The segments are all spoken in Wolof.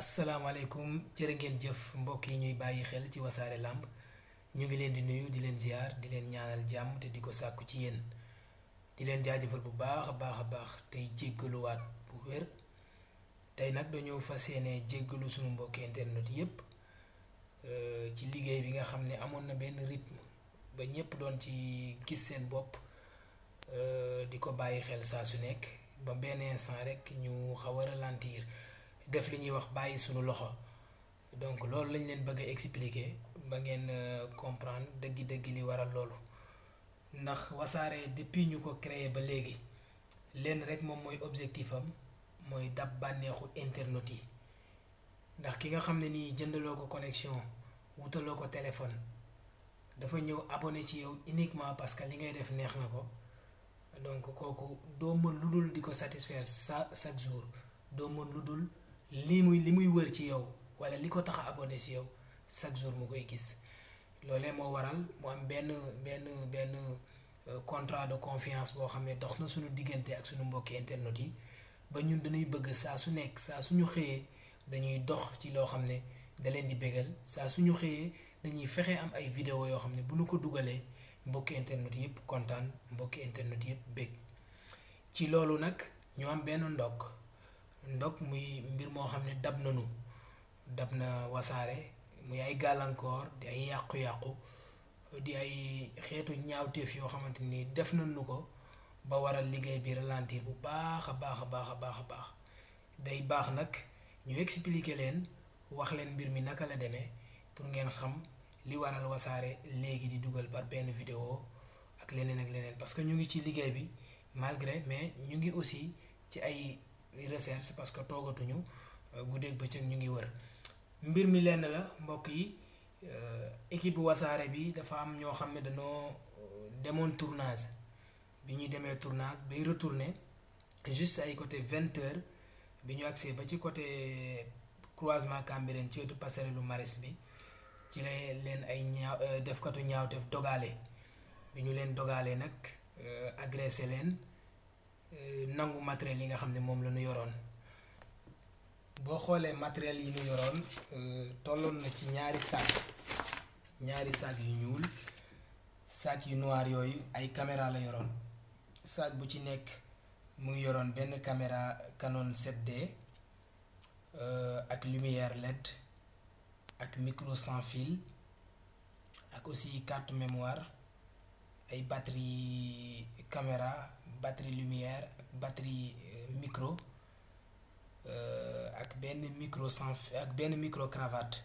asalaamaaleykum jërë ngeen jëf mbokk yi ñuy bàyyi xel ci wasaare làmb ñu ngi leen di nuyu di leen ziar di leen ñaanal jàmm te di ko sàkku ci yéen di leen jaajëfal bu baax a baax a baax tey jéggaluwaat bu wér tey nag dañoo fa yéene jéggalu suñu mbokk internet yépp euh, ci liggéey bi nga xam ne amoon na benn rythme ba ñépp doon ci gis seen bopp euh, di ko bàyyi xel saa su nekk ba benn instant rek ñu xaw a def li ñuy wax bàyyi suñu loxo donc loolu lañ leen bëgg expliquer ba ngeen euh, comprendre dëgg dëggi li waral loolu ndax wasaare depuis ñu ko créer ba léegi leen rek moom mooy objectif am mooy dab bànneexu internet yi ndax ki nga xam ne nii jëndaloo ko connexion wutaloo ko téléphone dafa ñëw abonné ci yow uniquement parce que li ngay def neex na ko donc kooku doo mën lu dul di ko satisfaire sa chaque jour doo mën lu dul li muy li muy wër ci yow wala li ko tax abone abonné si yow chaque jour mu koy gis loolee moo waral mu am benn benn benn euh, contrat de confiance boo xam ne dox na suñu diggante ak suñu mbokki internet yi ba ñun dañuy bëgg saa su nekk saa suñu xëyee dañuy dox ci loo xam ne da leen di bégal saa suñu xëyee dañuy fexe am ay vidéo yoo xam ne bu ñu ko dugalee mbokki internet yëpp kontaan mbokki internet yëpp bég ci loolu nag ñoo am benn ndokk ndog muy mbir moo xam ne dab na nanu dab na wasaare muy ay gàllankoor di ay yàqu-yàqu di ay xeetu ñaawteef yoo xamante ni def nañu ko ba waral liggéey bi ralentir bu baax a baax a baax a baax a baax day baax nag ñu expliquer leen wax leen mbir mi naka la demee pour ngeen xam li waral wasaare léegi di dugal par benn vidéo ak leneen ak leneen parce que ñu ngi ci liggéey bi malgré mais ñu ngi aussi ci ay recherche parce que toogatuñu euh, guddeeg bëccëg ñu ngi wër mbir mi lenn la mbokk yi euh, équipe wasaare bi dafa am ñoo xam ne dañoo euh, demoon tournage bi ñuy demee tournage bay retourné juste ay côté vingt heures bi ñu agsee ba ci côté croisement Cambérène ci wetu passerelu maris bi ci la leen ay ñaaw defkatu ñaaw def dogale bi ñu leen dogalee nag agressé leen Euh, nangu matériel yi nga xam ne moom la yoroon boo xoolee matériel yi ñu yoroon euh, tolloon na ci ñaari sac ñaari sac yu ñuul sac yu noir yooyu ay caméra la yoroon sac bu ci nekk mu ngi yoroon benn caméra Canon 7D euh, ak lumière LED ak micro sans fil ak aussi carte mémoire ay batterie caméra batterie lumière ak batterie euh, micro euh, ak benn micro sans ak benn micro cravate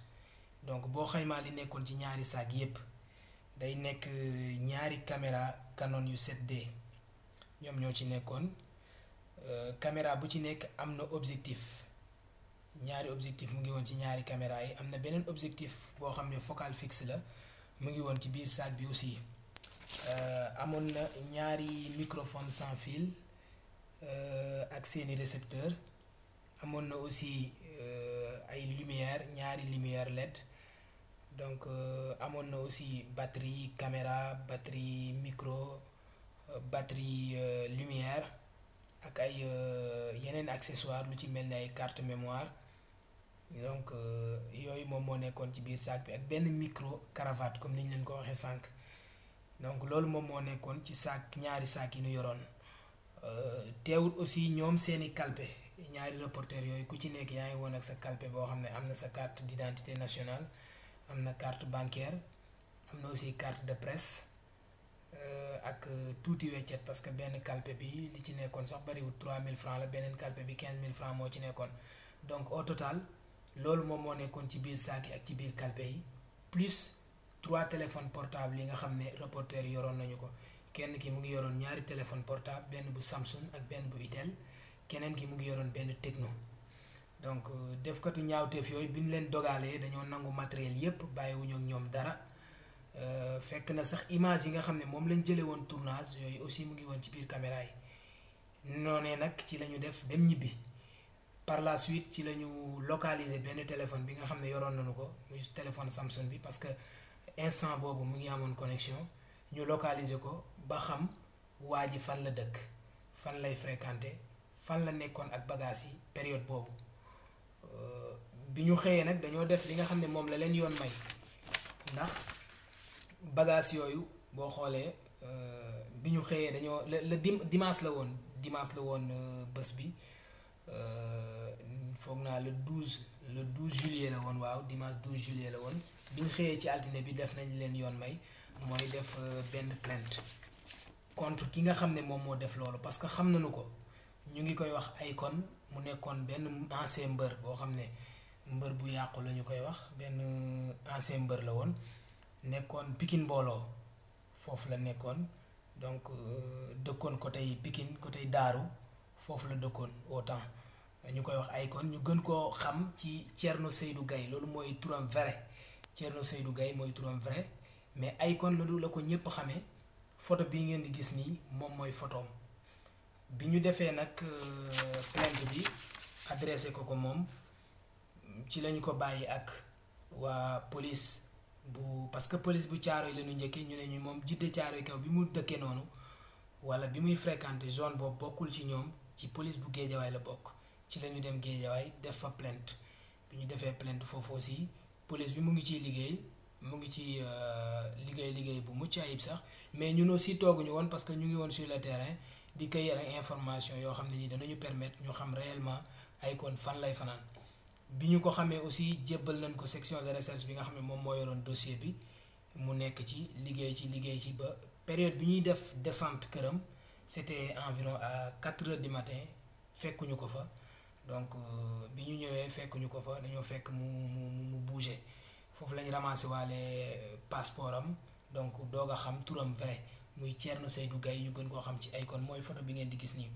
donc boo xaymaa li nekkoon ci ñaari saag yépp day nekk euh, ñaari caméra Canon yu 7 ñoom ñoo ci nekkoon caméra bu ci nekk am na objectif ñaari objectif mu ngi woon ci ñaari caméra yi am na beneen objectif boo xam ne focal fixe la mu ngi woon ci biir saak bi aussi Euh, amoon na ñaari microphone sans fil euh, ak seeni récepteur amoon na aussi euh, ay lumière ñaari lumière LED donc amoon na aussi batterie caméra batterie micro batterie lumière ak ay yeneen accessoire lu ci mel ni ay carte mémoire donc yooyu moom moo nekkoon ci biir sac bi ak benn micro cravate comme ni ñu leen ko waxee sànq. donc loolu moom moo nekkoon ci saak ñaari saak yi nu yoroon euh, teewul aussi ñoom seeni kalpe ñaari reporter yooyu ku ci nekk yaa ngi woon ak sa kalpe boo xam ne am na sa carte d'identité nationale am na carte bancaire am na aussi carte de presse euh, ak euh, tuuti weccet parce que benn kalpe bi li ci nekkoon sax bariwul 3000 francs la beneen kalpe bi 15000 francs moo ci nekkoon donc au total loolu moom moo nekkoon ci biir saak yi ak ci biir kalpe yi plus trois téléphones portables yi nga xam ne reporter yoroon nañu ko kenn ki mu ngi yoroon ñaari téléphone portable benn bu Samsung ak benn bu Itel keneen ki mu ngi yoroon benn Tecno donc def euh, defkatu ñaawteef yooyu bi ñu leen dogalee dañoo nangu matériel yépp bàyyiwuñu ak ñoom dara euh, fekk na sax image yi nga xam ne moom lañ jëlee woon tournage yooyu aussi mu ngi woon ci biir caméra yi noonee nag ci la ñu def dem ñibbi par la suite ci la ñu localiser benn téléphone bi nga xam ne yoroon nañu ko muy bi parce que instant boobu mu ngi amoon connexion ñu localiser ko ba xam waa ji fan la dëkk fan lay fréquenter fan la nekkoon ak bagages yi période boobu euh, bi ñu xëyee nag dañoo def li nga xam ne moom la leen yoon may ndax bagages yooyu boo xoolee euh, bi ñu xëyee dañoo le le dim dimanche la woon dimanche la woon euh, bés bi foog naa le douze le 12 juillet la woon waaw dimanche 12 juillet la woon bi ñu xëyee ci altine bi def nañ leen yoon may mooy def euh, benn plainte kontr ki nga xam ne moom moo def loolu parce que xam nañu ko ñu ngi koy wax Akon mu nekkoon benn ancien mbër boo xam ne mbër bu yàqu la ñu koy wax benn euh, ancien mbër la woon nekkoon pikin mbooloo foofu la nekkoon donc euh, dëkkoon ko côté Pikine côté Daaru foofu la dëkkoon autant ñu koy wax Akon ñu gën koo xam ci Thierno Seydou gay loolu mooy turam vrai Thierno Seydou Gaye mooy turam vrai mais Akon loolu la ko ñëpp xame photo bi ngeen di gis nii moom mooy photo bi ñu defee nag euh, plainte bi adressé ko ko moom ci lañu ko bàyyi ak waa police bu parce que police bu Thiaroye la ñu njëkkee ñu ne ñu moom jidde Thiaroye kaw bi mu dëkkee noonu wala bi muy fréquenté zone boobu bokkul ci ñoom ci police bu Géejawaay la bokk ci la ñu dem Guédiawaye def fa plainte bi ñu defee plainte foofu aussi police bi mu ngi ciy liggéey mu ngi ci euh, liggéey liggéey bu mucc yib sax mais ñun aussi tooguñu woon parce que ñu ngi woon sur le terrain di cueillir ay information yoo xam ne ni danañu permettre ñu xam réellement Akon fan lay fanaan bi ñu ko xamee aussi jébbal nañ ko section de recherche bi nga xam ne moom moo yoroon dossier bi mu nekk ci liggéey ci liggéey ci ba période bi ñuy def descente këram c'était environ à quatre heures du fekkuñu ko fa donc euh, bi ñu ñëwee fekk ñu ko fa dañoo fekk mu mu mu bougé foofu lañu ñu ramassé waale euh, passeport am donc doog a xam turam vrai muy Thierno Seydou Gaye ñu gën koo xam ci Akon mooy photo bi ngeen di gis nii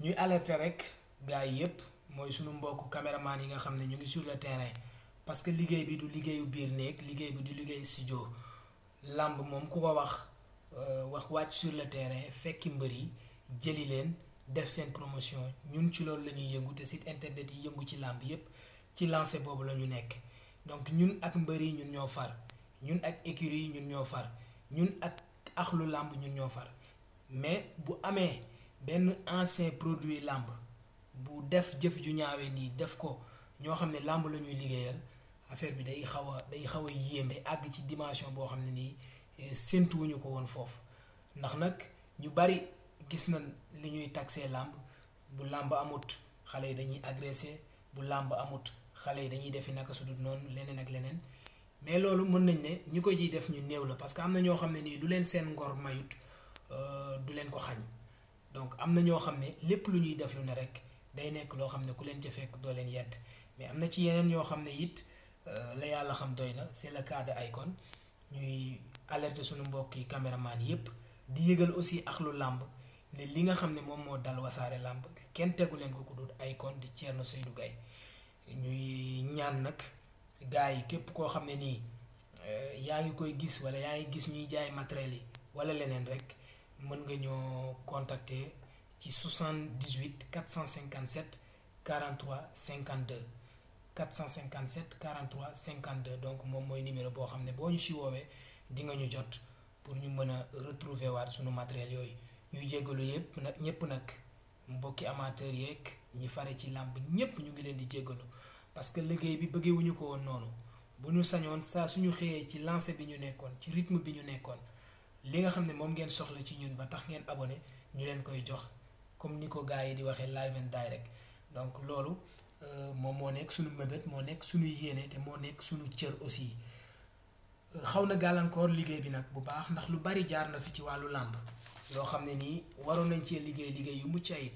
ñuy alerter rek gars yi yëpp mooy suñu mbokk caméraman yi nga xam ne ñu ngi sur le terrain parce que liggéey bi du liggéeyu biir néeg liggéey bi du liggéey studio làmb moom ku ko wax euh, wax wàcc sur le terrain fekki mbër yi jëli leen def seen promotion ñun ci loolu la ñuy yëngu te site internet yi yëngu ci làmb yépp ci lancé boobu la ñu nekk donc ñun ak mbër yi ñun ñoo far ñun ak écurie yi ñun ñoo far ñun ak axlu làmb ñun ñoo far mais bu amee benn ancien produit làmb bu def jëf ju ñaawee nii def ko ñoo xam ne làmb la ñuy liggéeyal affaire bi day xaw a day xaw a yéeme àgg ci dimension boo xam ne nii eh, séntuwuñu ko woon foofu ndax nag ñu bari gis na li ñuy taxé làmb bu làmb amut xale yi dañuy agressé bu làmb amut xale yi dañuy defi naka sudut noonu leneen ak leneen mais loolu mën nañ ne ñi ko ciy def ñu néew la parce que am na ñoo xam ne nii lu leen seen ngor mayut euh, du leen ko xañ donc am na ñoo xam ne lépp lu ñuy def lu ne rek day nekk loo xam ne ku leen ca fekk doo leen yedd mais am na ci yeneen ñoo xam ne it euh, la yàlla xam doy na c'est le cas de ñuy alerte suñu mbokk yi caméraman yépp di yëgal aussi ak làmb ne li nga xam ne moom moo dal wasaare làmb kenn tegu leen ko ku dul Akon di Thierno Seydou Gaye ñuy ñaan nag gars yi képp koo xam ne nii euh, yaa ngi koy gis wala yaa ngi gis ñuy jaay matériel yi wala leneen rek mën nga ñoo contacter ci 78 457 43 52 457 43 52 donc moom mooy numéro boo xam ne boo ñu si woowee di nga ñu jot pour ñu mën a retrouver waat suñu matériel yooyu ñuy jégalu yëpp nag ñëpp nag mbokki amateur yeeg ñi fare ci làmb ñëpp ñu ngi leen di jégalu parce que liggéey bi bëggewuñu ko woon noonu bu ñu sañoon saa suñu xëyee ci lancé bi ñu nekkoon ci rythme bi ñu nekkoon li nga xam ne moom ngeen soxla ci ñun ba tax ngeen abonné ñu leen koy jox comme ni ko gars yi di waxee live and direct donc loolu euh, moom moo nekk suñu mébét moo nekk suñu yéene te moo nekk suñu cër aussi euh, xaw na gàllankoor liggéey bi nag bu baax ndax lu bari jaar na fi ci wàllu làmb loo xam ne nii waroon nañ cee liggéey liggéey yu mucc ayib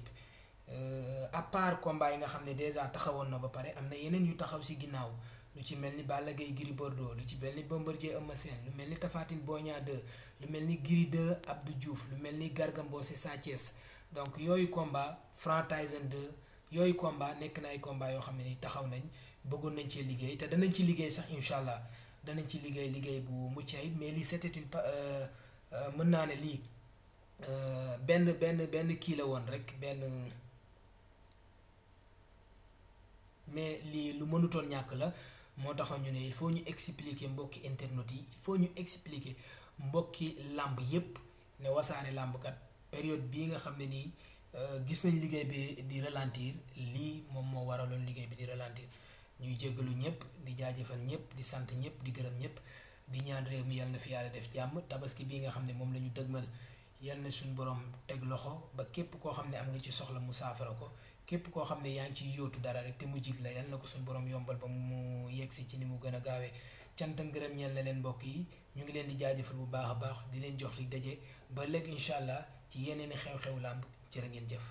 euh, à part combat yi nga xam ne dèjà taxawoon na ba pare am na yeneen yu taxaw si ginnaaw lu ci mel ni Balla Gaye Gris Bordeaux lu ci mel ni Bombardier Eumeu Sène lu mel ni Tapha Tine Boy lu mel ni Gris 2 Abdou juuf lu mel ni Garga Mbossé Sa donc yooyu combat Frank Tyson 2 yooyu combat nekk na ay combat yoo xam ne nii taxaw nañ bëggoon nañ cee liggéey te danañ ci liggéey sax incha allah danañ ci liggéey liggéey bu mucc mais lii c'était euh, euh, mën naa ne lii Euh, benn benn benn kii la woon rek benn mais lii lu mënutoon ñàkk la moo taxoon ñu ne il foo ñu expliquer mbokki internet yi il faut ñu expliquer mbokki làmb yépp ne wasaare làmbkat kat période bii nga xam ne nii euh, gis nañ liggéey bi di ralentir lii moom moo waraloon liggéey bi di ralentir ñuy jéggalu ñëpp di jaajëfal ñëpp di sant ñëpp di gërëm ñëpp di ñaan réew mi yàlla na fi yàlla def jàmm tabaski bii nga xam ne moom la ñu dëgmal. yal na suñ borom teg loxo ba képp koo xam ne am nga ci soxla mu saafara ko képp koo xam ne yaa ngi ciy yóotu dara rek te mu jig la yal na ko suñ borom yombal ba mu yegsi ci ni mu gën a gaawee cant ak ngërëm ñeel na leen mbokk yi ñu ngi leen di jaajëfal bu baax a baax di leen jox di daje ba léegi incha allah ci yeneen i xew-xew làmb jërë ngeen jëf.